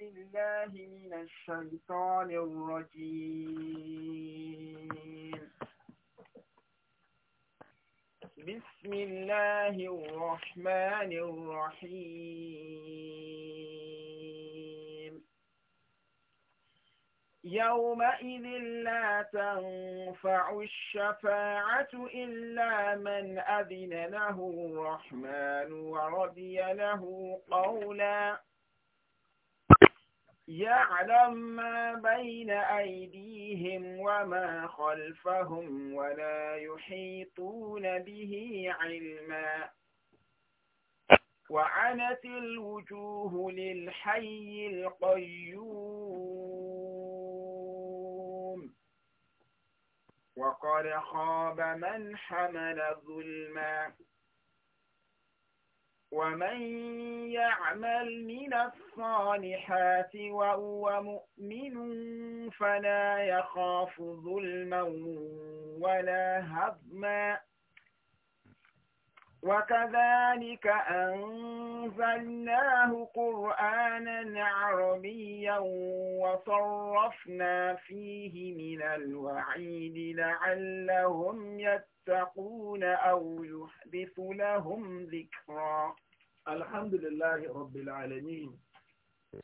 بالله من الشيطان الرجيم بسم الله الرحمن الرحيم يومئذ لا تنفع الشفاعة إلا من أذن له الرحمن ورضي له قولاً يعلم ما بين أيديهم وما خلفهم ولا يحيطون به علما وعنت الوجوه للحي القيوم وقد خاب من حمل ظلما ومن يعمل من الصالحات وهو مؤمن فلا يخاف ظلما ولا هضما وكذلك أنزلناه قرآنا عربيا وصرفنا فيه من الوعيد لعلهم يتقون أو يحدث لهم ذكرا الحمد لله رب العالمين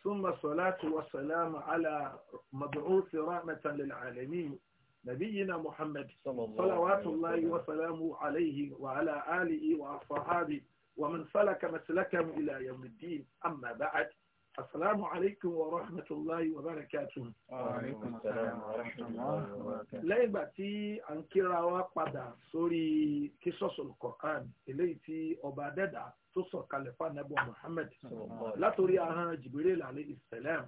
ثم الصلاة والسلام على مبعوث رحمة للعالمين نبينا محمد صلوات الله وسلامه عليه وعلى آله وصحابه ومن سلك مسلكه إلى يوم الدين أما بعد السلام عليكم ورحمة الله وبركاته وعليكم السلام ورحمة الله وبركاته lẹ́yìn ìgbà tí à ń kíra wa padà sórí kíṣọ́sọ̀ Qur'an eléyìí tí ọba adẹ́dà tó sọ̀kalẹ̀ fanabu Muhammad látòrí ahọ́n Jibril alayhi salam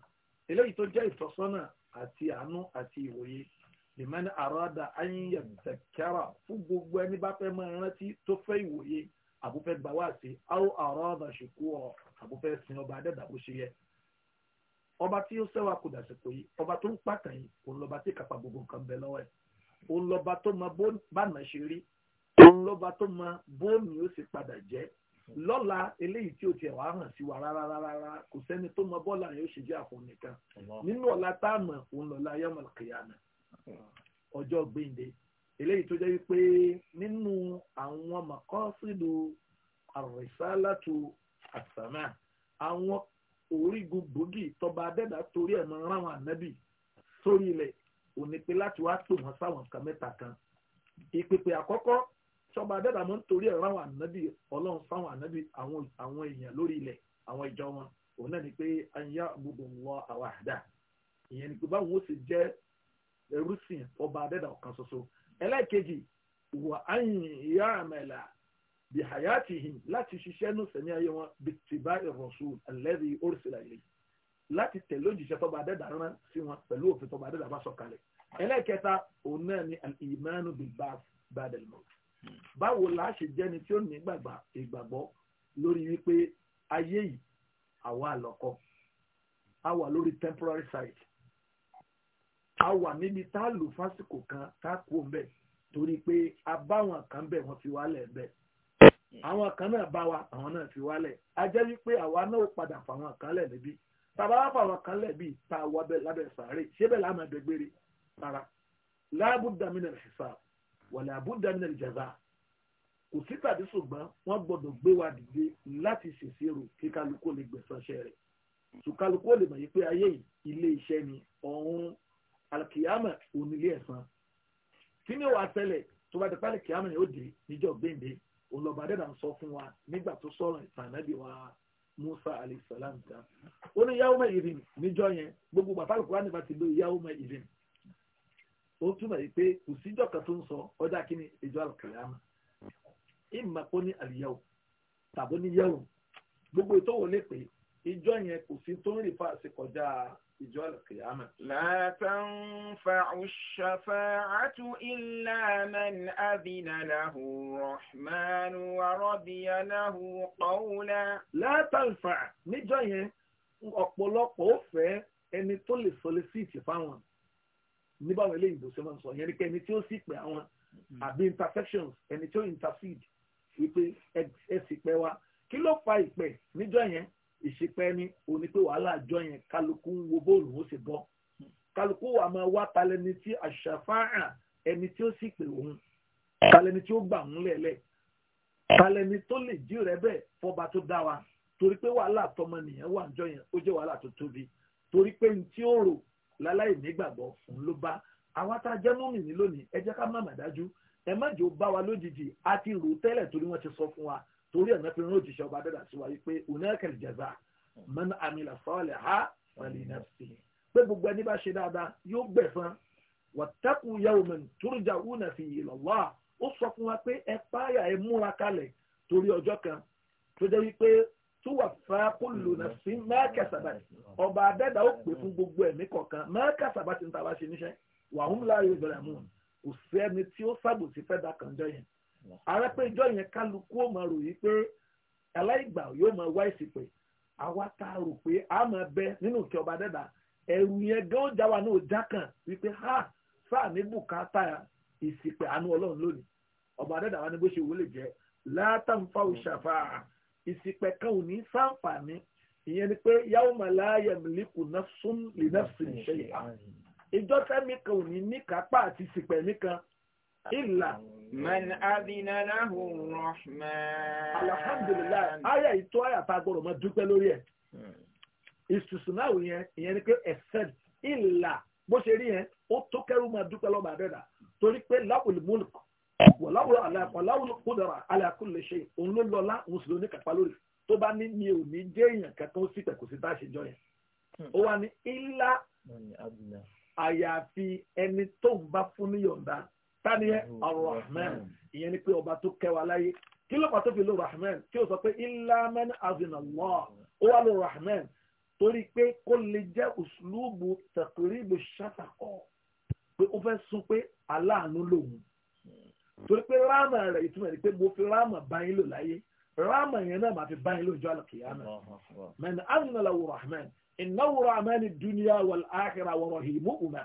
eléyìí tó jẹ́ ìtọ́sọ́nà àti àánú àti ìwòye lèmẹ́ni àràdà ayẹyẹ tẹ̀kẹ́rà fún gbogbo ẹni bá fẹ́ máa rántí tó fẹ́ ìwòye àbúfẹ́ gbà wá sí àwọn àràdà ṣùkú ọ̀ àbúfẹ́ sin ọba adẹ́dà bó ṣe yẹ ọba tí ó sẹ́wà kò dàsìkò yìí ọba tó ń pàtàn yìí òun lọ́ba tí kápá gbogbo nǹkan bẹ lọ́wọ́ ẹ̀ òun lọ́ba tó mọ bánà ṣe rí òun lọ́ba tó mọ bóònù ó sì padà jẹ́ lọ́la eléyìí tí ó tiẹ̀ wá hàn sí wa rárá rárá kò sẹ́ni tó mọ bọ́ọ̀lù àyè ṣe jẹ́ àfọ̀ nìkan nínú ọ̀la tá a mọ̀ òun lọ́la yọmọ kìyàmẹ́ ọjọ́ gbẹ̀ǹde eléyìí tó jẹ́ wípé nínú àwọn mọ̀kọ́sídùú àrùsálàtù àsàmà àwọn orígun gbòógì tọba adẹ́dà torí ẹ̀ máa ń ráwọn ànábì sórí ilẹ̀ òní pé láti wá tò wọ́n sáwọn nǹkan mẹ́ta kan ìpèpè àkọ́kọ́ tọba adẹ́dà máa ń torí ẹ̀ ráwọn ànábì ọlọ́run sáwọn ànábì àwọn èèyàn lórí ilẹ̀ àwọn ìjọ wọn òun náà ni pé gbogbo àwọn àdá ìyẹn ni pé báwo ó sì jẹ́ ẹrú sìn ọba adẹ́dà ọ̀kan ṣoṣo bí hayatihim láti ṣiṣẹ́ ní sẹ́ni ayé wọn bí tìbá ar-rasul alladhi ursila ilayhi láti tẹ̀lé òjìṣẹ́ tọ́ba adẹ́dà rán sí wọn pẹ̀lú òfin tọ́ba adẹ́dà bá sọ̀kalẹ̀ ẹlẹ́kẹta òun náà ni al-imanu bil-ba'th ba'da al-maut báwo la ṣe jẹ́ni tí ó ní ìgbàgbọ́ lórí wípé ayé yìí àwa àlọ́kọ́ a wà lórí temporary site a wà níbi tá a lò fásìkò kan tá a kú bẹ́ẹ̀ torí pé abáwọn kan bẹ́ẹ̀ wọ́n fi wá bẹ́ẹ̀ àwọn kan náà bá wa àwọn náà fi wálẹ̀ a jẹ́ wípé àwa náà ó padà fàwọn kan lẹ̀ níbí tàbá wá fàwọn kan lẹ̀ bíi tá a wọ abẹ lábẹ́ sàárè ṣé bẹ́ẹ̀ láàmú ẹgbẹ́ gbére rárá láàbùdà mí nàìjíríà sísá wàlẹ̀ àbùdà mí nàìjíríà jàzá kò sí tàbí ṣùgbọ́n wọ́n gbọ́dọ̀ gbé wa dìde láti ṣèṣirò kí kálukú lè gbẹ̀sánṣẹ́ rẹ̀ ṣùkálukú lè mọ̀ yí ayé ilé iṣẹ́ ni ọ̀hún alkiyama onílé ẹ̀san tí mi wà tẹ́lẹ̀ tó bá dé pálí kiyama yóò dé níjọ́ gbéǹde olọba dẹ́dà ń sọ fún wa nígbà tó sọ̀rọ̀ ìsànàbí wa Musa alayisalaam ta ó ní yawma idhin níjọ́ yẹn gbogbo bàtà kúrò nípa ti lo yawma idhin ó túmọ̀ yìí pé kò síjọ́ kan tó ń sọ ọjà kínní ìjọ àlùkìyàmà ìmọ̀ kó ní àlìyáwó tàbó ní yawm gbogbo ìtọ́wò ìjọ yẹn kò sí tó ń rìn fáṣẹ kọjá ìjọ àlùkìyàmà. látàn fàṣàfàcàtú ìlànàn àbínàláhù rọ̀hmánù wàrọ̀bíyàláhù kọ́wùlà. látàn fà níjọ yẹn ọ̀pọ̀lọpọ̀ ó fẹ́ ẹni tó lè solicite fáwọn níbàwọn eléyìí bó ṣe máa ń sọ yẹn ni pé ẹni tí ó sì pè àwọn hmm. àbí intercessions ẹni tí ó intercede wípé ẹ sì pẹ́ wa kí ló fa ìpè níjọ yẹn ìṣepẹ́ ní oní pé wàhálà àjọ yẹn kálukú ń wo bóòlù ó sì bọ́ kálukú wa máa wá talẹ́ni tí àṣàfáà ẹni tí ó sì pè òun talẹ́ni tí ó gbà ń lẹ̀lẹ̀ talẹ́ni tó lè jí rẹ bẹ́ẹ̀ fọba tó dá wa torí pé wàhálà tọmọnìyàn wà àjọ yẹn ó jẹ́ wàhálà tó tóbi torí pé ní tí ó rò láláì nígbàgbọ́ òun ló bá àwa tá a jẹ́ mọ́mì ní ẹ jẹ́ ká má mà dájú ẹ má jò bá wa lójijì àti rò tẹ́lẹ̀ torí wọ́n ti sọ fún wa torí ẹ̀ náà fi rán òjíṣẹ́ ọba dẹ́dà sí wa yìí pé onáàkà ìjẹ̀bà man amila salihan wali nafsi pé gbogbo ẹni bá ṣe dáadáa yóò gbẹ̀fọn wattaqu yawman turja'una fihi ila Allah ó sọ fún wa pé ẹ páyà ẹ múra kalẹ̀ torí ọjọ́ kan tó jẹ́ wípé tó wà fà kullu nafsin ma kasabat ọba dẹ́dà ó pè fún gbogbo ẹ̀mí kọ̀ọ̀kan ma kasabat ti ń ta ṣe níṣẹ́ wa hum la yuzlamun kò sí ẹni tí ó ṣàbòsí fẹ́ da yẹn ààrẹ pé ìjọ yẹn kálukú ó máa ròyìn pé aláìgbà yóò máa wá ìsìnkú àwa tá a rò pé a máa bẹ nínú ìkẹ́ ọba dẹ́dà ẹ̀rù yẹn gé ó já wa ní ọjà kan wípé ha sáà ní bùkátà ìsìnkú àánú ọlọ́run lónìí ọba dẹ́dà wa ni bó ṣe wọlé jẹ́ látàǹfà òṣàfà ìsìnkú kan ò ní sáǹfààní ìyẹn ni pé yàwó màláyà mílíkù nafsun lè nafsun ṣe ìjọ tẹ́mi kan ò ní níkàápá àti ìsìnkú ẹ̀mí kan ìlà Man adina lahu rahman. Alhamdulillah, ayé ìtọ́ ayé àtàgbọ̀rọ̀ mọ́ dúpẹ́ lórí ẹ̀. Ìsùsùnáwò yẹn, ìyẹn ni pé except ìlà bó ṣe rí yẹn, ó tó kẹ́rù máa dúpẹ́ lọ́ba àdẹ́dà. Torí pé láwùlì múlùkù, wàláwùlì kúdàrà alákùnlé ṣe, òun ló lọ́lá, òun sì lóní kàpá lórí. Tó bá ní mi ò ní jẹ́ èèyàn kankan ó sì tẹ̀kù sí táà ṣèjọ yẹn. Ó wá ní ìlà àyàfi ẹni tó ń bá fún níyọ̀ǹda tani yẹ arahman ìyẹn ni pé ọba tó kẹwàá láyé kí ló pàtó fi lo rahman tí ó sọ pé ilaman azinallah ó wà lo rahman torí pé kó lè jẹ́ uslubu taqribu ṣàtàkọ́ pé ó fẹ́ sún pé aláàánú lòun torí pé ráàmà rẹ̀ ìtumọ̀ ni pé mo fi ráàmà báyìí lò láyé ráàmà yẹn náà máa fi báyìí lò jọ àlùkìyàmà man azinalawo rahman innahu rahman dunya wal akhirah wa rahimuhuma.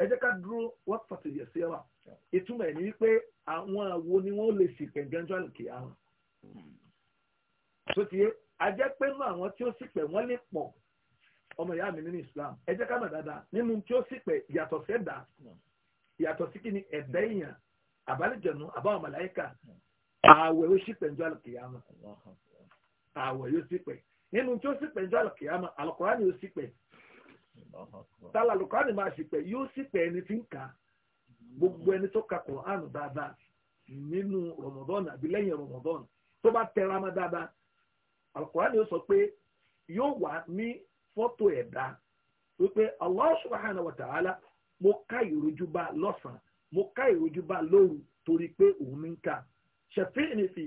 ẹ jẹ́ ká dúró wọ́n pàtàkì yẹ̀ sí ẹ̀wà ìtumọ̀ ẹ̀ ní wípé àwọn àwo ni wọ́n lè sì pẹ̀ gẹ́njọ́ àlùkè àwọn. tó ti yé a jẹ́ pé nínú àwọn tí ó sì pẹ̀ wọ́n lè pọ̀ ọmọ ìyá mi nínú Islam ẹ jẹ́ ká mọ̀ dáadáa nínú tí ó sì pẹ̀ yàtọ̀ sẹ́dà hmm. yàtọ̀ sí kí ni ẹ̀dẹ́ èèyàn àbálẹ̀jọ̀nù àbáwọn màláyíkà ààwẹ̀ hmm. ó sì pẹ̀ ń jọ àlùkè àwọn ààwẹ̀ yóò sì pẹ̀ nínú tí ó sì pẹ̀ ń jọ àlùkè àwọn àlùkùránì yóò tálà lùkọ́ni máa ṣìpẹ̀ yóò ṣìpẹ̀ ẹni tí ń kà gbogbo ẹni tó ka Kùránì dáadáa nínú Ramadan àbí lẹ́yìn Ramadan tó bá tẹra mọ́ dáadáa Al-Kùránì yóò sọ pé yóò wà ní fọ́tò ẹ̀dá wípé Allah subhanahu wa ta'ala mo ká ìrojú bá lọ́sàn-án mo ká ìrojú bá lóru torí pé òun ní ń kà ṣẹ̀fín ní fi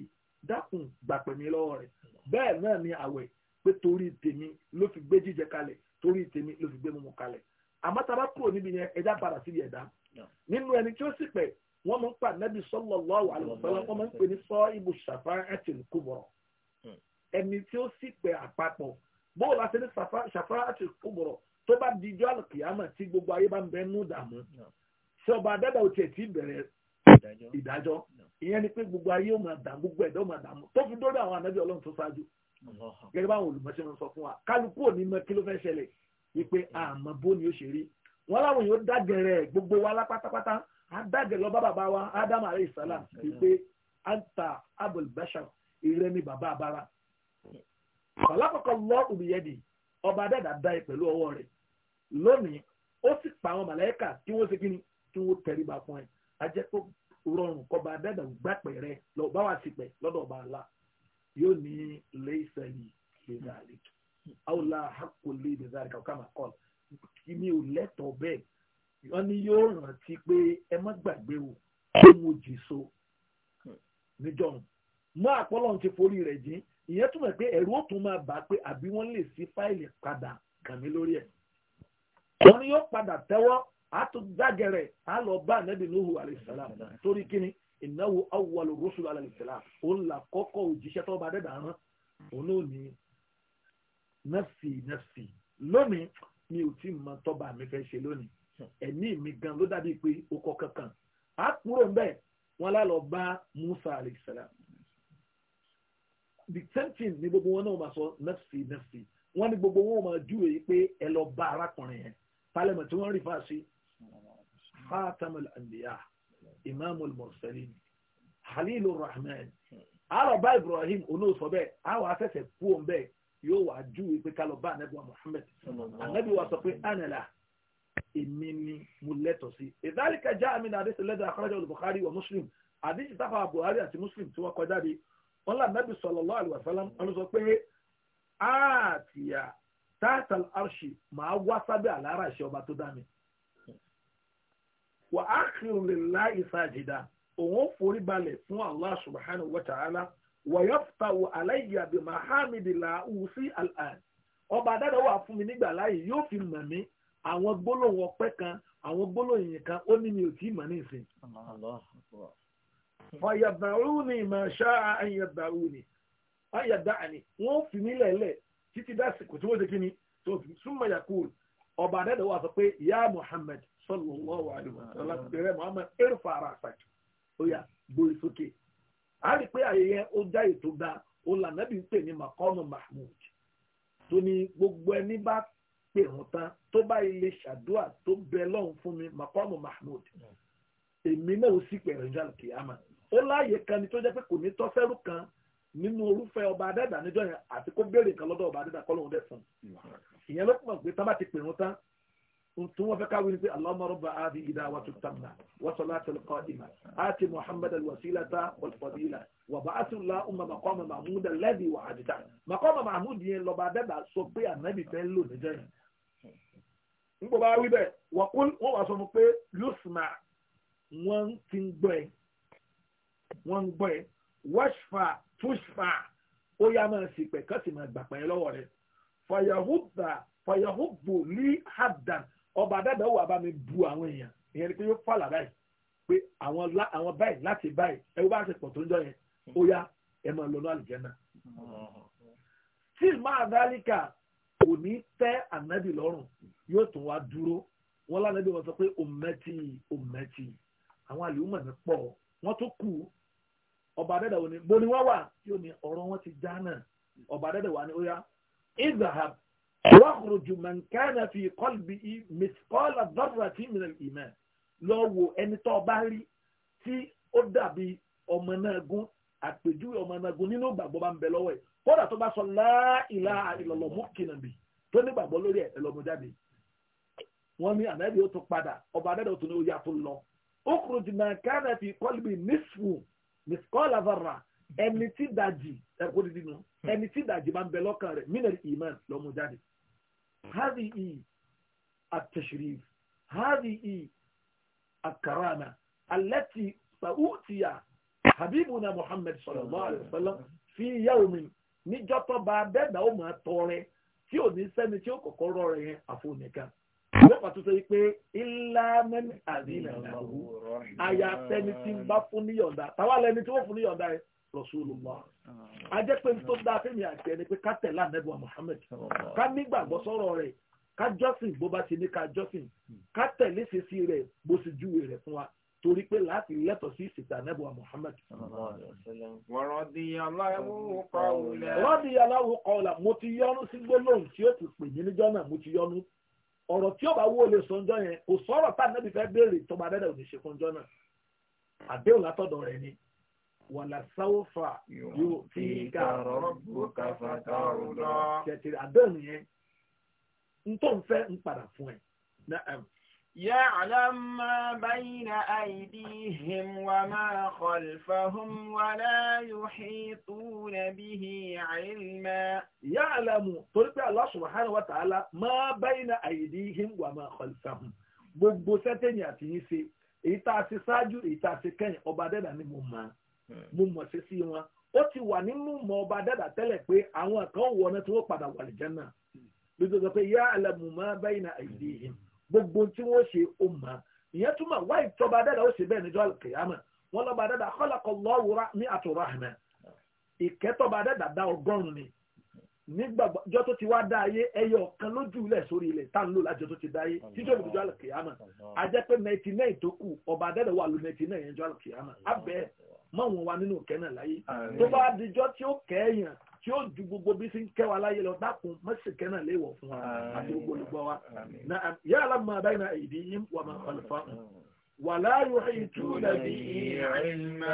dákun gbàpẹ̀mí lọ́wọ́ rẹ̀ bẹ́ẹ̀ náà ni àwẹ̀ pé torí tèmi ló fi gbé jíjẹ kalẹ̀ torí tèmi ló fi gbé mímu kalẹ̀ àmọ́ tá a bá kúrò níbi yẹn ẹja padà sí ẹ̀dá nínú ẹni tí ó sì pẹ̀ wọ́n máa ń pa nábì sallallahu alaihi wasallam wọ́n máa ń pè ní sọ ibù shafa'atil kubra hmm. ẹni tí ó sì pẹ̀ àpapọ̀ bóòlù àti ní shafa'atil kubra tó bá dijọ́ àlùkìyàmọ̀ tí gbogbo ayé bá ń bẹ nú dààmú ṣé ọba adẹ́dà ò tiẹ̀ tí bẹ̀rẹ̀ ìdájọ́ ìyẹn ni pé gbogbo ayé ó máa dààmú gbogbo ẹ̀dá máa dààmú tó fi dórí àwọn ànábì ọlọ́run tó ṣáájú gẹ́gẹ́ báwọn olùmọ̀ṣẹ́ wọn sọ fún wa kálukú ò ní mọ kí ló fẹ́ ṣẹlẹ̀ wípé àmọ́ bó ni ó ṣe rí wọn láwọn yóò dágẹ̀rẹ̀ gbogbo wa lápátápátá á dágẹ̀rẹ̀ lọ bá bàbá wa ádámù alayhi salam wípé anta abul bashar ìrẹ́ ni bàbá abara ọ̀làkọ̀kọ̀ lọ òbíyẹ́dì ọba adẹ́dà dá ẹ pẹ̀lú ọwọ́ rẹ̀ lónìí ó sì pa àwọn màláíkà kí wọ́n ṣe kí ni kí wọ́n tẹríba fún ẹ ajẹ́ kó rọrùn kọba adẹ́dà gbàpẹ̀ rẹ lọ bá wa sì pẹ̀ lọ́dọ̀ ọba Allah yóò ní lẹ́sẹ̀lì lẹ́dàlẹ́ àwòlá àkọlé lẹ́dàlẹ́ kàwé kàmá kọ́ mi ò lẹ́tọ̀ọ́ bẹ́ẹ̀ wọ́n ní yóò rántí pé ẹ má gbàgbé o kí mo jì so níjọ́ mú àpọ́lọ́ ti forí rẹ̀ jìn ìyẹn túmọ̀ pé ẹ̀rú ó tún máa bà á pé àbí wọ́n lè sí fáìlì padà kàn mí lórí ẹ̀ wọ́n ní yóò padà tẹ́wọ́ àtúndágẹ̀rẹ̀ á bá ànábì Nuhu alayhi salam torí kíni ìnáwó awwalu rusul alẹ́ ìsìlá òun là kọ́kọ́ òjíṣẹ́ tó bá dẹ́dà rán òun náà ní nafsi nafsi lónìí mi ò tí mọ tọ́ba mi fẹ́ ṣe lónìí ẹ̀mí mi gan ló dàbí pé ó kọ́ kankan á kúrò ńbẹ̀ wọn lálọ́ bá Musa alẹ́ ìsìlá the same thing ni gbogbo wọn náà máa sọ nafsi nafsi wọn ni gbogbo wọn máa júwe pé ẹ lọ bá arákùnrin yẹn pálẹ̀mọ̀ tí wọ́n rí fáṣí Khatamul Anbiya imamul mursalin halilur rahman alọba ibrahim olóòsọ bẹ́ẹ̀ àwọn afẹsẹ kú òun bẹ́ẹ̀ yóò wá júwe pé kálọba anabi wa muhammed anabi wa sọ pé anala èmi ni mo lẹ́tọ̀ sí ìdálíkà já àmì náà àdéhùn lẹdọ akọrọjọ olùbùkárí wa muslim àdéhùn táfà buhari àti muslim tí wọn kọjá de wọn là nàbì sallallahu alaihi wasallam wọn sọ pé àtìyà táàtà arṣì máa wá sábẹ́ àlàáràṣẹ ọba tó dá mi wà á kìrù lè lá ìsàjìdá òun ó forí balẹ̀ fún allah subhanahu wa ta'ala wà yọ fita wò aláìyí àbí mahamidi làáhù sí al'an ọba dáadáa wà fún mi nígbà láàyè yóò fi mọ̀ mí àwọn gbólóhùn ọpẹ́ kan àwọn gbólóhùn yìí kan ó ní mi ò tí ì mọ̀ ní ìsìn. fàyàdàrúni màṣá àyàdàrúni àyàdàní wọ́n fi mí lẹ̀lẹ̀ títí dásìkò tí wọ́n ti kí ni tó fi súnmọ́ yakul ọba àdẹ́dọ̀ wà sọ pé ya Muhammad sallallahu alaihi wasallam ah. bẹ̀rẹ̀ muhammed erfa ara àṣàjù ó yà gbórí sókè a rí i pé àyè yẹn ó já ètò gba ó là nábì ń pè ní maqam mahmud tó ní gbogbo ẹni bá pè hàn tán tó bá ilé ṣàdúà tó bẹ lọ́hùn fún mi maqam mahmud èmi náà ó sì pẹ̀rẹ̀ ìjà lókè àmà ó láàyè kan ni tó jẹ́ pé kò ní tọ́ fẹ́rù kan nínú orúfẹ́ ọba adẹ́dà níjọ́ yẹn àti kó béèrè nǹkan lọ́dọ̀ ọba adẹ́dà kọ́ lóun dẹ̀ fún un ìyẹn ló pọ̀ pé tá bá ti pè hàn tán ثم فكاوي اللهم رب هذه الدعوة التامة وصلاة القائمة آت محمد الوسيلة والفضيلة وبعث اللهم مقام محمود الذي وعدته مقام محمود يلو بعد سو بي النبي تلو نجي nbọ bá wí bẹ́ẹ̀ wọ́n kún wọ́n wá sọ fún pé ẹ wọ́n ń ó yá máa sì pẹ̀ kásì máa gbà pẹ́ lọ́wọ́ rẹ̀ fàyàhùbà fàyàhùbù lí hadan ọba dada wà bá bu àwọn èèyàn ìyẹn ni pé yóò fàlà báyìí pé àwọn báyìí láti báyìí ẹ wọ́n bá ṣe pọ̀ tó ń jọ yẹn ó yá ẹ máa lọ ní àlùjẹ́nà. tí máa dálíkà kò ní tẹ́ ànábì lọ́rùn yóò tún wá dúró wọn lánàbì wọn sọ pé òmẹ́tì òmẹ́tì àwọn àlùmọ̀ mi pọ̀ wọ́n tó kù ọba dada wo ni bo ni wọ́n wà tí ó ní ọ̀rọ̀ wọn ti já náà ọba dada wà ní ó yá ìzàhàb wàhùrùjù man kana fi qalbihi mithqala dharratin min al-iman lọ wo ẹni tó bá rí tí ó dàbí ọmọ náà gún àpèjúwe ọmọ náà gún nínú ìgbàgbọ́ bá ń bẹ lọ́wọ́ ẹ̀ kódà tó bá sọ la ilaha illallah mọ́kìnà bì tó ní ìgbàgbọ́ lórí ẹ̀ ẹlọ́mọdéjáde wọ́n ní ànábì ó tún padà ọba àdẹ́dẹ́ òtún ní oyè àtún lọ ó kúrò jìnnà kana fi qalbi nisfu mithqala dharra ẹni tí dàjì ẹ̀kọ́ dídì nù ẹni tí dàjì bá ń bẹ lọ́kàn rẹ̀ mínà ìmọ̀ lọ́mọdéjáde هذه التشريف هذه الكرامة التي سأؤتي حبيبنا محمد صلى الله عليه وسلم في يوم níjọ́tọ̀ bá bẹ́ẹ̀ náà ó máa tọrẹ tí ò tó sọ pé ńlá mẹ́ni àdínà àyàfẹ́ni tí ń bá fún níyọ̀ǹda táwa lẹni tí wọ́n fún níyọ̀ǹda yẹn Rasulullah ah. a jẹ́ pé tó dáa fẹ́mi àti ẹni pé ká tẹ̀lé ànẹ́bùwà Muhammad ká nígbàgbọ́ sọ́rọ̀ rẹ̀ ká jọ́sìn bó bá ti ní ká jọ́sìn hmm. ká tẹ̀lé ṣèṣì rẹ̀ bó sì júwe rẹ̀ fún wa torí pé láti lẹ́tọ̀ sí ìsìtà nẹ́bùwà Muhammad. rọ́dìyàláwò kọ́ọ̀là mo ti yọnu sí gbólóhùn tí ó ti pè mí níjọ́ náà mo ti yọnu ọ̀rọ̀ tí ó bá lè sọ ńjọ́ yẹn kò sọ̀rọ̀ tá wàlàsáwọ́fà yóò fi kàrọ̀ bùkà fàtà ọ̀dọ́. ṣètìlẹ̀ àdéhùn yẹn ń tó ń fẹ́ ń padà fún ẹ. يعلم ما بين أيديهم وما خلفهم ولا يحيطون به علما يعلم طريق الله سبحانه وتعالى ما بين أيديهم وما خلفهم gbogbo sẹ́tẹ̀yìn àti yín ṣe èyí tá a ṣe ṣáájú èyí tá a ṣe kẹ́yìn ọba dẹ́dà ni mo máa mo mọ̀ sí sí wọn ó ti wà nínú mọ̀ ọba dàdà tẹ́lẹ̀ pé àwọn kan wọ̀ ọ́nà tí wọ́n padà wà lè jẹ́nà lójú sọ pé yá alamu máa báyìí na àìdí yìí gbogbo tí wọ́n ṣe ó mọ̀ ìyẹn túmọ̀ wáyé tọba dàdà ó ṣe bẹ́ẹ̀ níjọ́ kìyàmà wọn lọ́ba dàdà kọ́lákọ̀ lọ́wọ́ra ní àtọ̀rọ̀ àmà ìkẹ́tọ̀ba dàdà dá ọgọ́rùn-ún ni nígbàgbọ́ tó ti wá dá ayé ẹyọ ọ̀kan lójú ilẹ̀ sórí ilẹ̀ tá n lò lájọ tó ti dá ayé títí olùdókòjọ́ àlùkìyàmà a jẹ́ tó kù ọba adẹ́rẹ̀ wà ló ninety yẹn jọ àlùkìyàmà abẹ́ mọ́ wọn wa nínú ìkẹ́ náà láyé tó bá dijọ́ tí ó kẹ́ èèyàn tí ó ju gbogbo bí sí ń kẹ́ wa láyé lọ dákun mẹ́sìkẹ́ náà léèwọ̀ fún wa àti gbogbo olùgbọ́ wa yà á lámà báyìí na èdè yìí wà máa kọlùfà wà láàyò ètò nàbí ilmà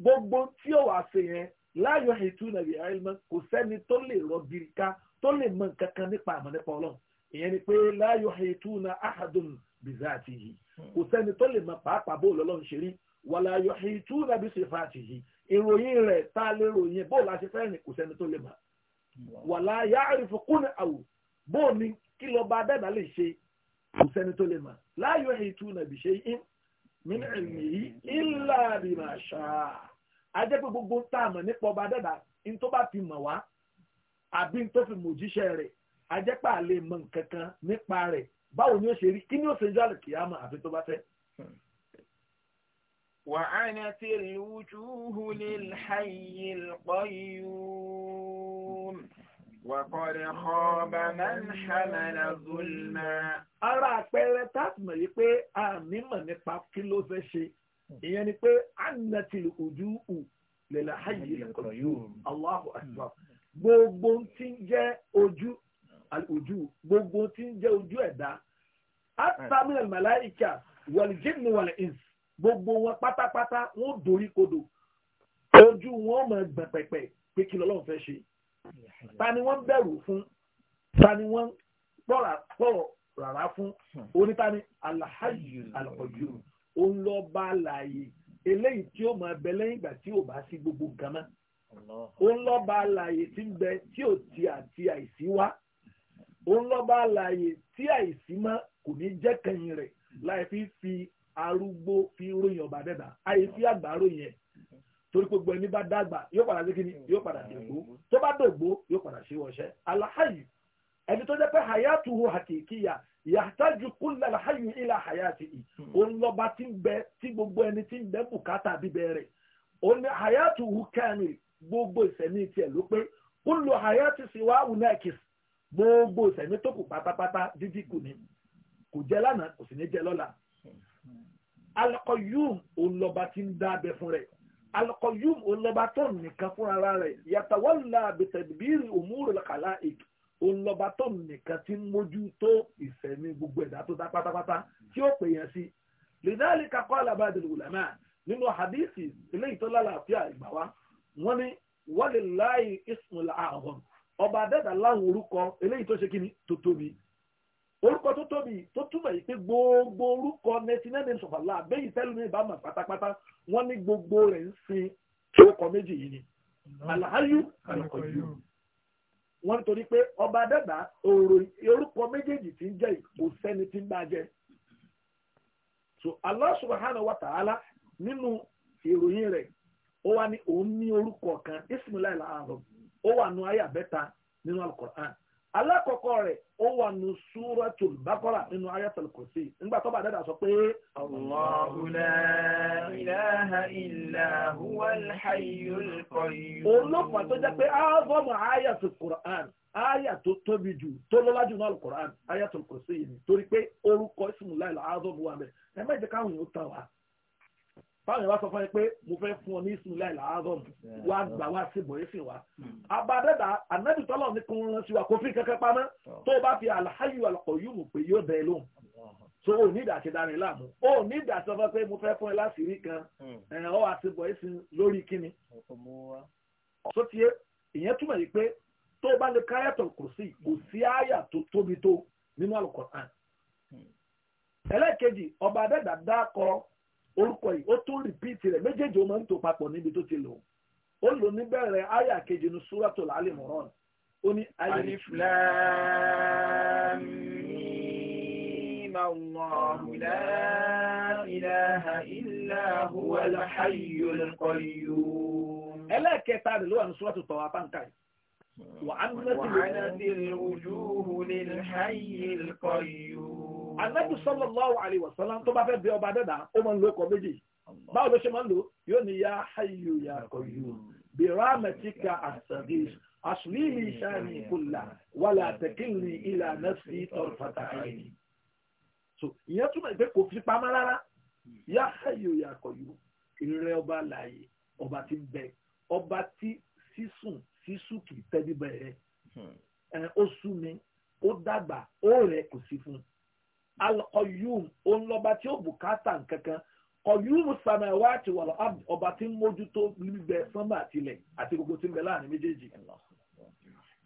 gbogbo tí ó wà sí yẹn láàyò ètò nàbí ilmà kò sẹ́ni tó lè rọ gíríkà tó lè mọ nǹkan kan nípa àmọ́ nípa ọlọ́run ìyẹn ni pé láàyò ètò nà áhàdùn bìzáàtì yìí kò sẹ́ni tó lè mọ pàápàá bó lọ́lọ́run ṣe rí wàlá yọ̀hí tú nàbí sèfà àtìyí ìròyìn rẹ̀ tá a lè ròyìn bó la ṣe fẹ́ rìn kò sẹ́ni tó lè mà wàlá yá àrífò kún àwò bó ni kí lọ bá dẹ́dà lè ṣe kò sẹ́ni tó lè mà láyọ̀ yọ̀hí tú nàbí ṣe in min ilmihi illa bima sha ajẹ́ pé gbogbo tá a mọ̀ nípa ọba dẹ́dà in tó bá ti mọ̀ wá àbí in tó fi mọ̀ òjíṣẹ́ rẹ̀ ajẹ́ pé a وعنت الوجوه للحي القيوم وقد خاب من حمل ظلما ara àpẹẹrẹ táàtùmọ̀ yìí pé àmì mọ̀ nípa kí ló fẹ́ ṣe ìyẹn ni pé anatil ojú ù lèlà ayé lẹ́kọ̀ọ́ yóò Allahu akbar gbogbo tí ń jẹ́ ojú ojú gbogbo tí ń jẹ́ ojú atamil malaika wal jinni wal insi gbogbo wọn pátápátá wọn ò dorí kodò ojú wọn mọ gbọ̀n pẹ̀pẹ̀ pé kí lọ́lọ́run fẹ́ ṣe ta ni wọ́n bẹ̀rù fún ta ni wọ́n pọ̀rọ̀ rárá fún onítàní alahayu alakọjú òun lọ bá láàyè eléyìí tí ó mọ ẹbẹ lẹ́yìn ìgbà tí ò bá sí gbogbo gánmá òun lọ bá láàyè tí ń bẹ tí ò ti àti àìsí wá òun lọ bá láàyè tí àìsí mọ kò ní jẹ́ kẹyìn rẹ̀ láì fi fi arúgbó fi ròyìn ọba dẹ́dà àyè fi àgbà ròyìn ẹ̀ torí gbogbo ẹni bá dàgbà yóò padà síkí ni yóò padà dògbó tó bá dògbó yóò padà ṣe wọṣẹ alahayi ẹni tó jẹ pé hayatuhu hakikiya yàtájú kúlẹ̀ alahayi ilà hayati yìí hmm. òun lọba tí ń bẹ tí gbogbo ẹni tí ń bẹ bùkátà bíbẹ rẹ òun ni hayatuhu kẹrin gbogbo ìsẹ̀mí tiẹ̀ ló pé kúlù hayati siwa unakis gbogbo ìsẹ̀mí tó kù pátápátá dídí kù ni kò jẹ́ lánàá kò sì ní jẹ́ lọ́la Al-Qayyum olọba ti ń dábẹ fún rẹ Al-Qayyum olọba tó nìkan fúnra rẹ yatawalla bitadbiri umuril khalaiq olọba tó nìkan ti ń mójú tó ìfẹ̀mí gbogbo ẹ̀dá tó dá pátápátá tí ó pè yẹn sí lidhalika qala ba'dul ulama nínú hadithi eléyìí tó lálàáfíà ìgbà wa wọ́n ní walillahi ismul a'zam ọba adẹ́dàá láwọn orúkọ eléyìí tó ṣe kíni tó tóbi orúkọ tó tóbi tó túmọ̀ yìí pé gbogbo orúkọ ninety nine names of Allah bẹ́yìí tẹ́lu ní ìbámu gbogbo rẹ̀ ń sin orúkọ méjì yìí ni alahayu alakoyu wọ́n nítorí pé ọba dàgbà orúkọ méjèèjì ti ń jẹ́ kò sẹ́ni tí ń bá jẹ́ so Allah subhanahu wa nínú ìròyìn rẹ̀ ó ní òun ní alákọ̀ọ́kọ́ rẹ̀ ó wà ní Suratul Baqara nínú Ayatul Kursi nígbà tó bá dẹ́dà sọ pé. Allahu ilaha tó jẹ́ pé ááfọ́mù ayatul Qur'an aya tó tóbi jù tó lọ́lá jù náà yìí torí pé ismu wà káwọn táwọn ìwà sọ fún ẹ pé mo fẹ́ fún ọ ní ìsúnlẹ̀ ìlàárọ̀ wá gbà wá sí ìbọn ìsìn wa. Hmm. abadẹ́dà anabi tọ́lọ̀ ní kí wọ́n ṣíwá kó fi kankan pamọ́ oh. tó o bá fi alhayu alqayyum pé yóò bẹ̀ ẹ́ lóhùn. so o ní ìdàtí dání láàmú o ní ìdàtí sọ fún ẹ pé mo fẹ́ fún ẹ láṣìírí kan ẹ̀ ọ́ àti ìbọn ìsìn lórí kíni. so ti yé ìyẹn túmọ̀ yìí pé tó o bá lè káyàtọ̀ kò sí kò sí àyà tó tóbi tó nínú hmm. àlùkò orúkọ yìí ó tún rìpíìtì rẹ̀ méjèèjì ó máa ń tò papọ̀ níbi tó ti lò ó lò níbẹ̀rẹ̀ àyà kejì ní Suratul Ali Imran ó ní alif lam ẹlẹ́ẹ̀kẹta rẹ̀ ló wà ní Suratul Taha pàǹkà yìí. وعنت الوجوه للحي القيوم anabi sallallahu alayhi wa sallam tó bá fẹ́ bẹ ọba dẹ́dà ó máa ń lo ọkọ̀ méjì báwo ló ṣe máa ń lò yóò ní ya hayyu ya qayyum bi rahmatika astaghis aslili shani kulla wala takilni ila nafsi tarfata aini. so ìyẹn túmọ̀ pé kò fi pamọ́ rárá ya hayyu ya qayyum ìrẹ́ ọba láàyè ọba ti bẹ ọba ti sísùn sísùn kì í bùkátà nkankan kọ̀yúrù sàmẹ̀wá àti wàlọ́ ọba tí ń mójútó gbígbẹ sánmà àtìlẹ̀ àti gbogbo tí ń bẹ láàrin méjèèjì.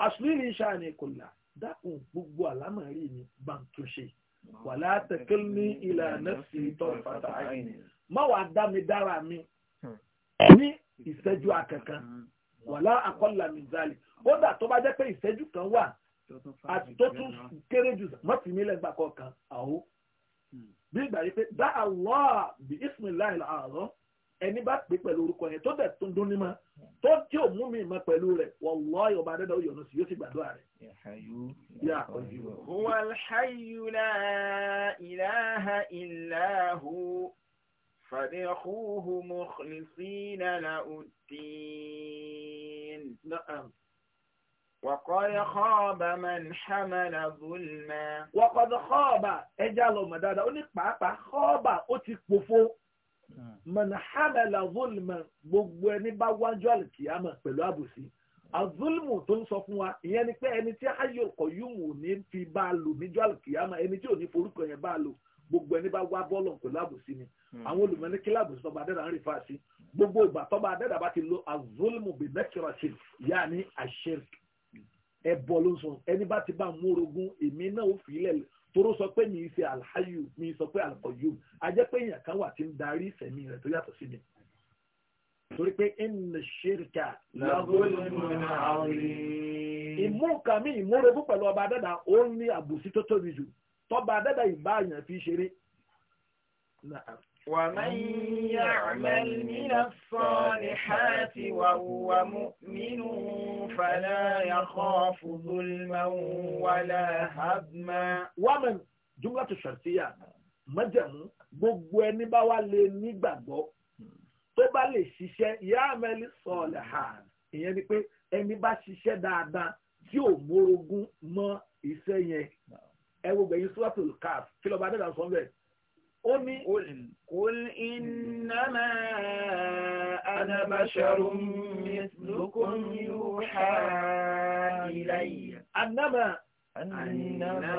àṣírí iṣẹ́ ni kò là dákun gbogbo àlámọ̀rí ni bá wà látẹ̀kẹ́ ní ilẹ̀ nẹ́ẹ̀sì tọ́lù má wàá dá mi dára mi ní ìṣẹ́jú akẹ́kẹ́ wàlá àkọ́là mi zálì ó dà tó bá jẹ́ pé ìṣẹ́jú kan wà àti tó tún kéré jù mọ́tìmílẹ̀ gbàkọ̀ kan àwọ̀ bí ìgbà yìí pé dá Allah bí ismillahi al-azam ẹni bá pè pẹ̀lú orúkọ yẹn tó dẹ̀ tó ń dún ní ma tó tí ò mú mi mọ pẹ̀lú rẹ̀ wallahi ọba adẹ́dà ó yọ̀nù sí yóò sì gbàdúrà rẹ̀. Huwal hayyu la ilaha illa وقد خاب من حمل ظلما وقد خاب ẹja lọ mọ̀ dáadáa ó ní pàápàá khaba ó ti pòfo man hamala zulma gbogbo ẹni bá wájú àlùkìyàmọ̀ pẹ̀lú àbòsí azulmu tó ń sọ fún wa ìyẹn ni pé ẹni fi bá a lò níjọ́ àlùkìyàmọ̀ ẹni tí ò ní forúkọ yẹn bá gbogbo ẹni bá wá bọ́ọ̀lù pẹ̀lú àbòsí ni hmm. àwọn olùmọ̀ọ́ni kíláàbù sọba adẹ́dà ń rí fáṣí gbogbo ìgbà tọ́ba adẹ́dà bá ti lo azulmu bi nakirati yaani ashirk ẹbọ ló ń sọ ẹni bá ti bá mú orogún èmi náà ó fi ilẹ̀ toró sọ pé mi ṣe alhayu mi sọ pé alqayyum ajẹ́ pé èèyàn kan wà tí ń darí ìfẹ̀mí rẹ̀ tó yàtọ̀ sí mi torí pé inna ṣírkà ìmú nǹkan mi ìmúrebú pẹ̀lú ọba dẹ́dà ó ní àbùsí tó tóbi jù tọ́ba dẹ́dà ìbáàyàn fi ṣeré ومن يعمل من الصالحات وهو مؤمن فلا يخاف ظلما ولا هضما ومن جملة الشرطية مجمع gbogbo ẹni bá wá lè nígbàgbọ́ tó bá lè ṣiṣẹ́ ìyá àmẹ́lì sọ̀lẹ̀ hà ìyẹn ni pé ẹni bá ṣiṣẹ́ dáadáa tí ò mórogún mọ́ iṣẹ́ yẹn ẹ wo gbẹ̀yìn sọ́tò káàf kí lọ́ba adéga sọ́ńbẹ̀ẹ́ قل قل إنما أنا بشر مثلكم يوحى إلي أنما أنما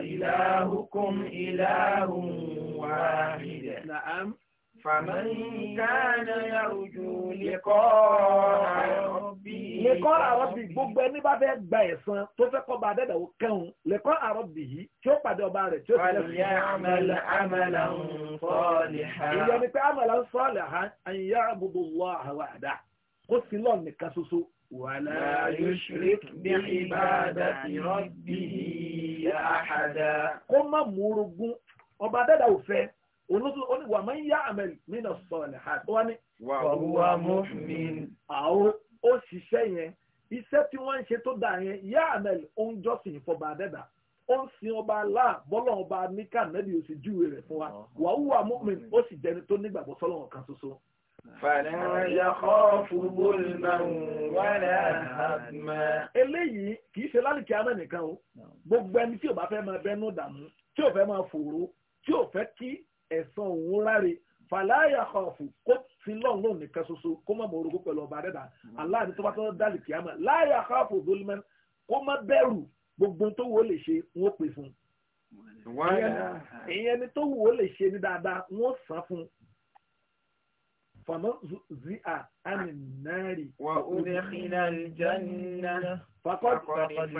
إلهكم إله واحد نعم فمن كان يرجو لقاء ربه لقاء ربه gbogbo ẹni bá fẹ́ gba ẹ̀san tó fẹ́ kọ́ bá dẹ́dàwó kẹ́hùn lẹ́kọ́ àrọ́bì yìí tí ó pàdé ọba rẹ̀ tí ó fi lẹ́sìn. فليعمل عملا صالحا. ìyẹn ni pé عملا صالحا أن يعبد الله وحده kó sí lọ́ọ̀ nìkan ṣoṣo. ولا يشرك بعبادة ربه أحدا. kó má mú orogún ọba dẹ́dàwó fẹ́ olóso ó ní wà máa ń yá àmẹ́lì mínà sọ̀rọ̀ àti wọ́n ní. wà wúwa mú mi. àwọn ó ṣiṣẹ́ yẹn iṣẹ́ tí wọ́n ń ṣe tó dáa yẹn yá àmẹ́lì ó ń jọ́sìn fọba àdẹ́dà ó ń sin ọba alá bọ́lọ̀ ọba níkà nẹ́bí ó sì júwe rẹ̀ fún wa wà wúwa mú mi ó sì jẹni tó nígbàgbọ́ sọ́lọ́wọ́n kan ṣoṣo. Fàlẹ́ yàkọ́ fúgbóòlù náà wàlẹ́ àhàmẹ́. Eléyìí kì í ṣe lálùkì amẹ́ nìkan o. Gbogbo ẹni tí ò bá fẹ́ máa bẹ́nu dàmú, tí ò fẹ́ máa fòrò, tí ò fẹ́ kí ẹ̀san òun ráre fàlàyà kọ̀ọ̀fù kó fi lọ́ọ̀lọ́ọ̀ nìkan ṣoṣo kó má mọ̀ọ́rọ̀ pẹ̀lú ọba rẹ̀ dà Allah ní tó bá tọ́ dálì kìámà láyà kọ̀ọ̀fù dolmen kó má bẹ̀rù gbogbo tó wò lè ṣe wọ́n pè fún un ìyẹn ni tó wò lè ṣe ní dáadáa wọ́n san fún un فمن زئ عن النار وأدخل الجنة فقد فاز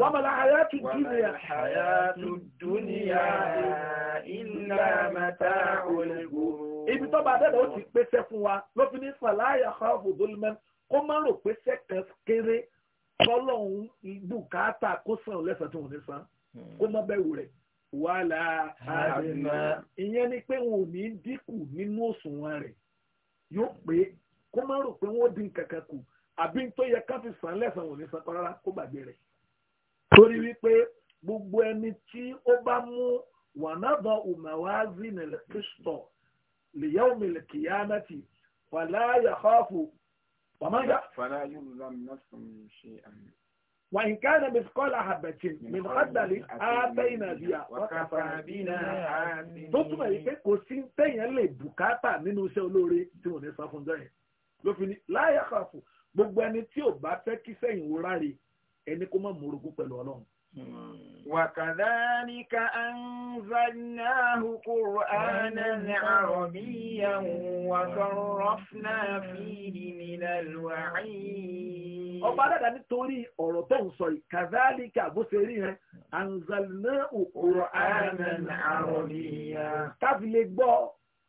وما الحياة الدنيا الحياة الدنيا إلا متاع الغرور ibi tó bá dẹ́dọ̀ ó ti pèsè fún wa ló fi ní fàlàyà káfù dolmen kó má rò pèsè kan kéré tọ́lọ́hún bùkátà kó san lẹ́sẹ̀ tó ń ní san hmm. kó má bẹ̀rù rẹ̀ wàhálà àdìmá ìyẹn ni pé wọn ò ní dínkù nínú òṣùwọ̀n rẹ̀ yóò pé kó má rò pé wọn ò dín kankan kù àbí tó yẹ ká fi sàn lẹ́sàn ò ní san kan rárá kó gbàgbé rẹ̀ torí wípé gbogbo ẹni tí ó bá mú wànàbọ̀ umawazi nílẹ̀ kristo lèyẹ́ òmìnira kìyàmẹ́tì fàlàyà kọ́ọ̀fù wàmáyà. fàlàyà yóò lọ sọ̀rọ̀ ṣe àmì. وإن كان مثقال حبة من خردل آتينا بها وكفى بنا حاسبين tó túmọ̀ yìí pé kò sí téèyàn lè bùkátà nínú iṣẹ́ olóore tí wọ́n ní sọ fún dọ́yìn ló fi ní láyà kàfù gbogbo ẹni tí ò bá fẹ́ kí sẹ́yìn wúrà rè ẹni kó má mú orogún pẹ̀lú ọlọ́run Hmm. وكذلك أنزلناه قرآنا عربيا وصرفنا فيه من الوعيد ọba dada nítorí ọ̀rọ̀ tó ń sọ yìí kàzálíkà bó ṣe rí yẹn anzalnahu qur'anan arabiyya káfí lè gbọ́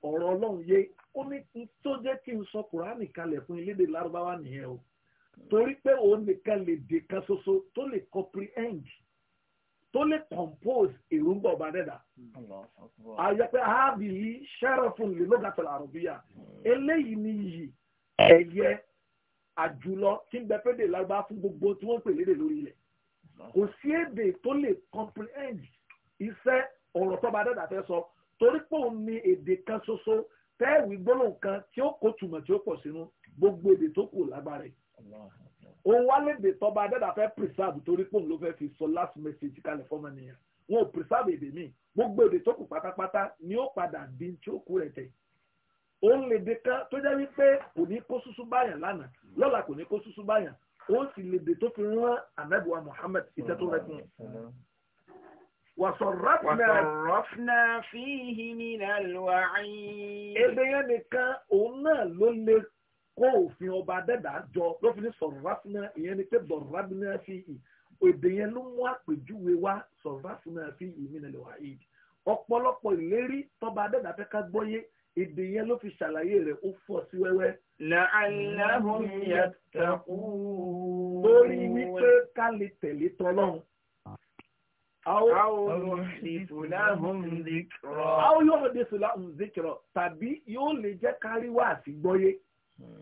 ọ̀rọ̀ ọlọ́run yé ó ní tó jẹ́ kí n sọ kùránì kalẹ̀ fún elédè lárúbáwá nìyẹn o hmm. torí pé òun nìkan lè dè kan ṣoṣo tó lè comprehend tó lè compose èròǹgbà ọba dẹ́dà. àyẹ̀pẹ̀ ààbì yìí ṣẹ́rẹ̀fún lè ló gàtọ̀ àrùbíyà eléyìí ni yìí ẹ̀yẹ àjùlọ tí ń bẹ fẹ́dẹ̀ lágbá fún gbogbo tí wọ́n pè lédè lórí ilẹ̀. kò sí èdè tó lè comprehend iṣẹ́ ọ̀rọ̀ tọ́ba dẹ́dà fẹ́ sọ torí pé òun ni èdè kan ṣoṣo tẹ́ẹ̀wì gbólóhùn kan tí ó kó tùmọ̀ tí ó pọ̀ sínú gbogbo èdè tó kù lágbára òun wá lédè tọ́ba adẹ́dà fẹ́ preserve torí pòun ló fẹ́ fi sọ last message kalẹ̀ fọ́mọ nìyẹn wọn ò preserve èdè míì gbogbo èdè tó kù pátápátá ni ó padà di tí ó kú rẹ̀ tẹ̀ òun lédè kan tó jẹ́ wípé kò ní kó súsú báyàn lánàá lọ́la kò ní kó súsú báyàn òun sì lédè tó fi rán anabiwa Muhammad ìtẹ́ tó rẹ̀ fún un. وصرفنا وصرفنا فيه من الوعيد. Èdè yẹn nìkan òun náà ló lè kó òfin ọba dẹ́dà jọ ló fi ìyẹn ni pé dọ̀rọ̀fúnà fi ì èdè yẹn ló mú àpèjúwe wá sọ̀rọ̀fúnà fi ì mí nílẹ̀ wá ọ̀pọ̀lọpọ̀ ìlérí tọba dẹ́dà fẹ́ ká gbọ́yé èdè yẹn ló fi ṣàlàyé rẹ̀ ó fọ́ sí wẹ́wẹ́. la'allahum yattaqun. torí wípé ká lè tẹ̀lé tọ́lọ́run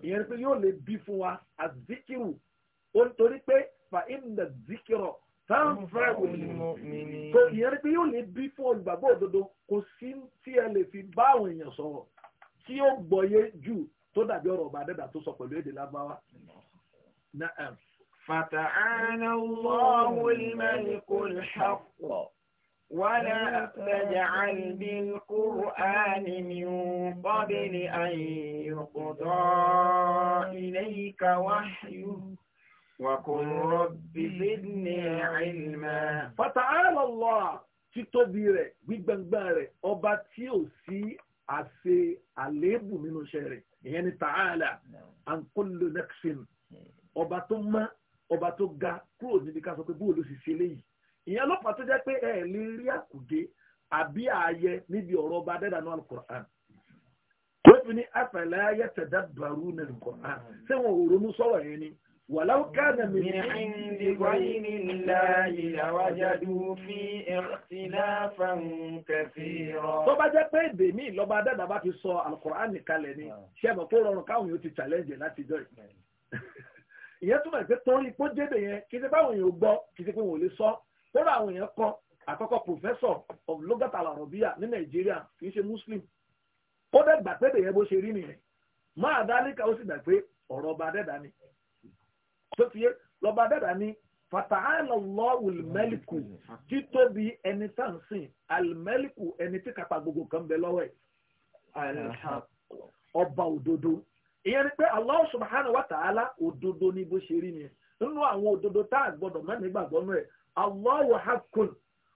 ìyẹn pé yóò lè bí fún wa àzíkìrù ó pé fa ìnà zíkìrọ̀ táwọn fẹ́ wò ní so ìyẹn pé yóò lè bí fún olùgbàgbọ́ òdodo kò sí tí ẹ lè fi bá àwọn èèyàn sọ̀rọ̀ tí ó gbọ́yé jù tó dàbí ọ̀rọ̀ ọba adẹ́dà tó sọ pẹ̀lú èdè lábáwá. فتعالى الله الملك الحق ولا تجعل بالقرآن من قبل أن يقضى إليك وحيه وقل رب زدني علما فتعالى الله títóbi rẹ̀ gbígbàngbà rẹ̀ ọba tí ò sí àṣe àléébù nínú iṣẹ́ rẹ̀ ìyẹn ni ta'ala an kullu naqsin ọba tó mọ́ ọba tó ga kúrò níbi ká sọ pé bóòlù sì ṣe léyìí ìyẹn lọ́pàá tó jẹ́ pé ẹ lè rí àkùdé àbí ààyè níbi ọ̀rọ̀ ọba adẹ́dànù alukur'an tó fi ní afẹ́lẹ́ ayé tẹ̀dá bàrú nínú kur'an ṣé wọn ò ronú sọ̀rọ̀ yẹn ni wàláwù káàdà mi ní ìdí wáyé nílá ìlàwájádù fi ìrìnà fàǹkẹ̀sì rọ. tó bá jẹ́ pé èdè míì lọ́ba adẹ́dà bá fi sọ alukur'an nìkalẹ̀ ni ṣé ẹ̀mọ̀ tó rọrùn káwọn yóò ti challenge láti jọ ìyẹn túmọ̀ sí torí pé jẹ́dẹ̀ yẹn kì í ṣe tẹ́lẹ̀ àwọn èèyàn kọ àkọ́kọ́ professor of logat alarobia ní nàìjíríà kì í ṣe muslim ó dẹ̀ gbà pé bèyẹn bó ṣe rí nìyẹn máa dálíkà ó sì gbà pé ọ̀rọ̀ ọba adẹ́dà ni tó ti yé lọ́ba adẹ́dà ni fatahana lọ́wùl mẹ́líkù titobi ẹni tàǹsìn alimẹ́líkù ẹni tí kápá gbogbo kan bẹ lọ́wọ́ ọba òdodo ìyẹn ni pé Allah wa ta'ala òdodo ni bó ṣe rí nìyẹn nínú àwọn òdodo tá a gbọdọ̀ mẹ́rin الله haqqun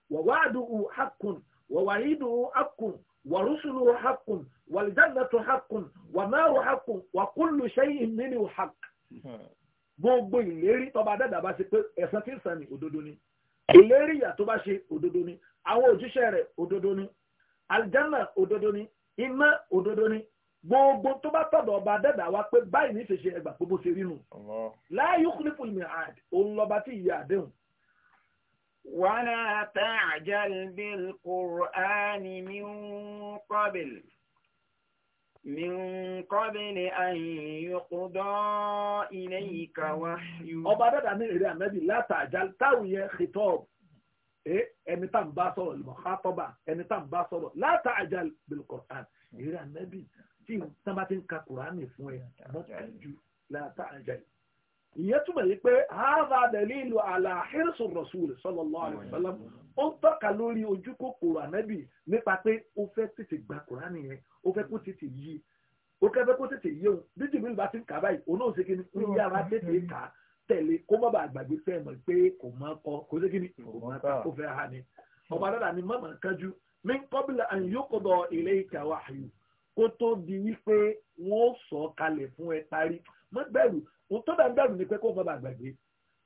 wa wa'duhu haqqun wa wa'iduhu haqqun والجنة rusuluhu haqqun wal وكل شيء wa naru haqqun wa kullu shay'in minhu haqq. gbogbo ìlérí tọba dẹ́dà bá ṣe pé ẹ̀san tí ń san ní òdodo ni ìlérí ìyà tó bá ṣe òdodo ni àwọn òjíṣẹ́ rẹ̀ òdodo ni aljanna òdodo ni iná òdodo ni gbogbo tó bá tọ̀dọ̀ ọba dẹ́dà wá pé báyìí ní ìṣẹ̀ṣe ẹgbà gbogbo ṣe rí nù. la yukhlifu al-mi'ad òun lọ́ba tí ìyá àdéhùn ولا تعجل بالقرآن من قبل من قبل أن يقضى إليك وحيه ọba dada ní èrè ànábì látàjà táwùyẹ khitob ẹni tá n bá sọ̀rọ̀ mọ̀hátọ́bà ẹni tá n bá sọ̀rọ̀ látàjà bilkọ̀án èrè ànábì tí sábà ti ń ka kùránì fún ẹ mọ́tàjú látàjà ìyẹn túmọ̀ yìí pé haza dalilu ala hirsu rasul sallallahu alayhi wa sallam ó ń tọ́ka lórí ojú kòkòrò ànábì nípa pé ó fẹ́ tètè gba kùránì yẹn ó fẹ́ kó tètè yí ó kẹ́fẹ́ kó tètè yí o bí jìbìlì bá ti ń kà báyìí òun náà ṣe kí ni ń yára tètè kà á tẹ̀lé kó má bàa gbàgbé fẹ́ mọ̀ pé kò mọ́ kọ́ kó ṣe kí ni kò mọ́ kọ́ kó fẹ́ hà ni ọba kó tó di wípé wọn ó sọ kalẹ̀ fún ẹ parí má bẹ̀rù òun tó bá ń bẹ̀rù ni pé kó má bàa gbàgbé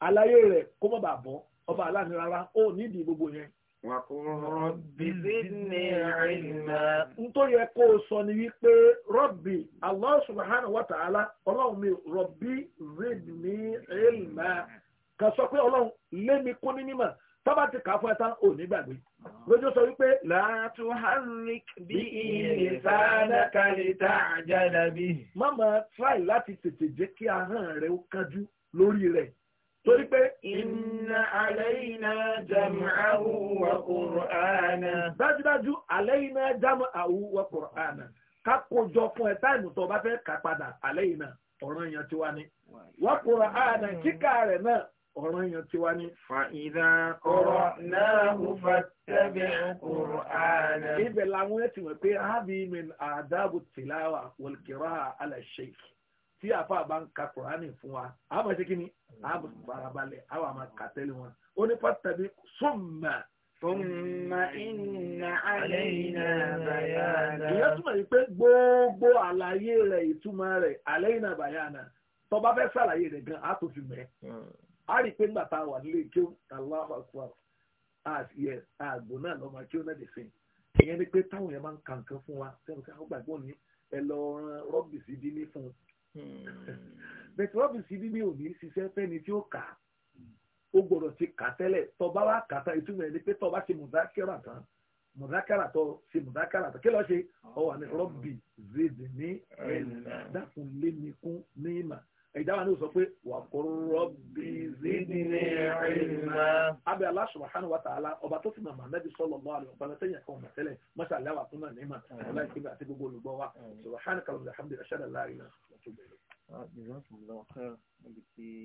àlàyé rẹ̀ kó má bàa bọ́ ọba aláàánú rárá ó nídìí gbogbo yẹn. Nítorí ẹ kó o sọ ni wípé Rọ́bì Allah subhanahu wa ta'ala ọlọ́run mi Rọ́bì zidni ilma. Kà sọ pé ọlọ́run lé mi kún ní mímọ̀ tábà ti kà á fún ẹ tán ò ní gbàgbé. lójú sọ wípé láàtú hanrik bí ilé try láti tètè jẹ́ kí ahọ́n rẹ̀ ó lórí rẹ̀ torí pé. dájúdájú alayna jam'ahu wa qur'ana ká kójọ fún ẹ táìmù tó bá fẹ́ kà padà alayna ọ̀ràn yẹn ti wá ní. ọ̀rọ̀ èèyàn ti wá ní fàìdá ọ̀rọ̀ náà mo fà tẹ́bẹ̀ ọ̀rọ̀ ààrẹ. ibẹ̀ làwọn ẹ̀ ti wọ̀ pé ábí mi àdáàbò tìláwà wọ̀lùkìrọ̀ aláṣẹ tí àfa bá ń ka kùránì fún wa a máa ṣe kí ni a máa farabalẹ̀ a wà máa kà tẹ́lẹ̀ wọn ó ní pàtàkì súnmà. súnmà iná alẹ́ iná bàyàna. ìyẹn túmọ̀ yìí pé gbogbo àlàyé rẹ̀ ìtumọ̀ rẹ̀ alẹ́ iná bàyàna tó fẹ́ sàlàyé rẹ̀ gan-an á tó fi mẹ́ a rí i pé nígbà tá a wà nílé kéwù Allahu Akbar as yes àgbò náà lọ́mọ kéwù náà dé sìn ìyẹn ni pé táwọn yẹn máa ń kàn kan fún wa sẹ́wọ̀n kí wọ́n gbàgbọ́ ní ẹ lọ ran rọ́bì sí bí ní fún un hmm. bẹ̀tẹ̀ rọ́bì sí bí ní òní ṣiṣẹ́ fẹ́ni tí ó kà á ó gbọ́dọ̀ ti kà tẹ́lẹ̀ tọba wa kà tán ìtumọ̀ ẹni pé tọba ṣe mùdákẹ́rà tán mùdákàrà tó ṣe mùdákàrà tó kí ló ṣe ọwọ́ àní rọ́bì zèdè ní ẹ̀ẹ́dá dákun lé mi kún ní ìmà ìdáwà ní sọ pé wà kúrò bí zidni ilma. abẹ́ Allah subhanahu wa ta'ala ọba tó fi màmá nẹ́bí sallallahu alaihi wa sallam tẹ́yìn ẹ̀kọ́ ọmọ tẹ́lẹ̀ mọ́sálẹ́ wà fún náà ní mà ọ̀la ìkébẹ̀ àti gbogbo olùgbọ́ wa subhanaka wa bihamdika ashhadu an la ilaha illa anta astaghfiruka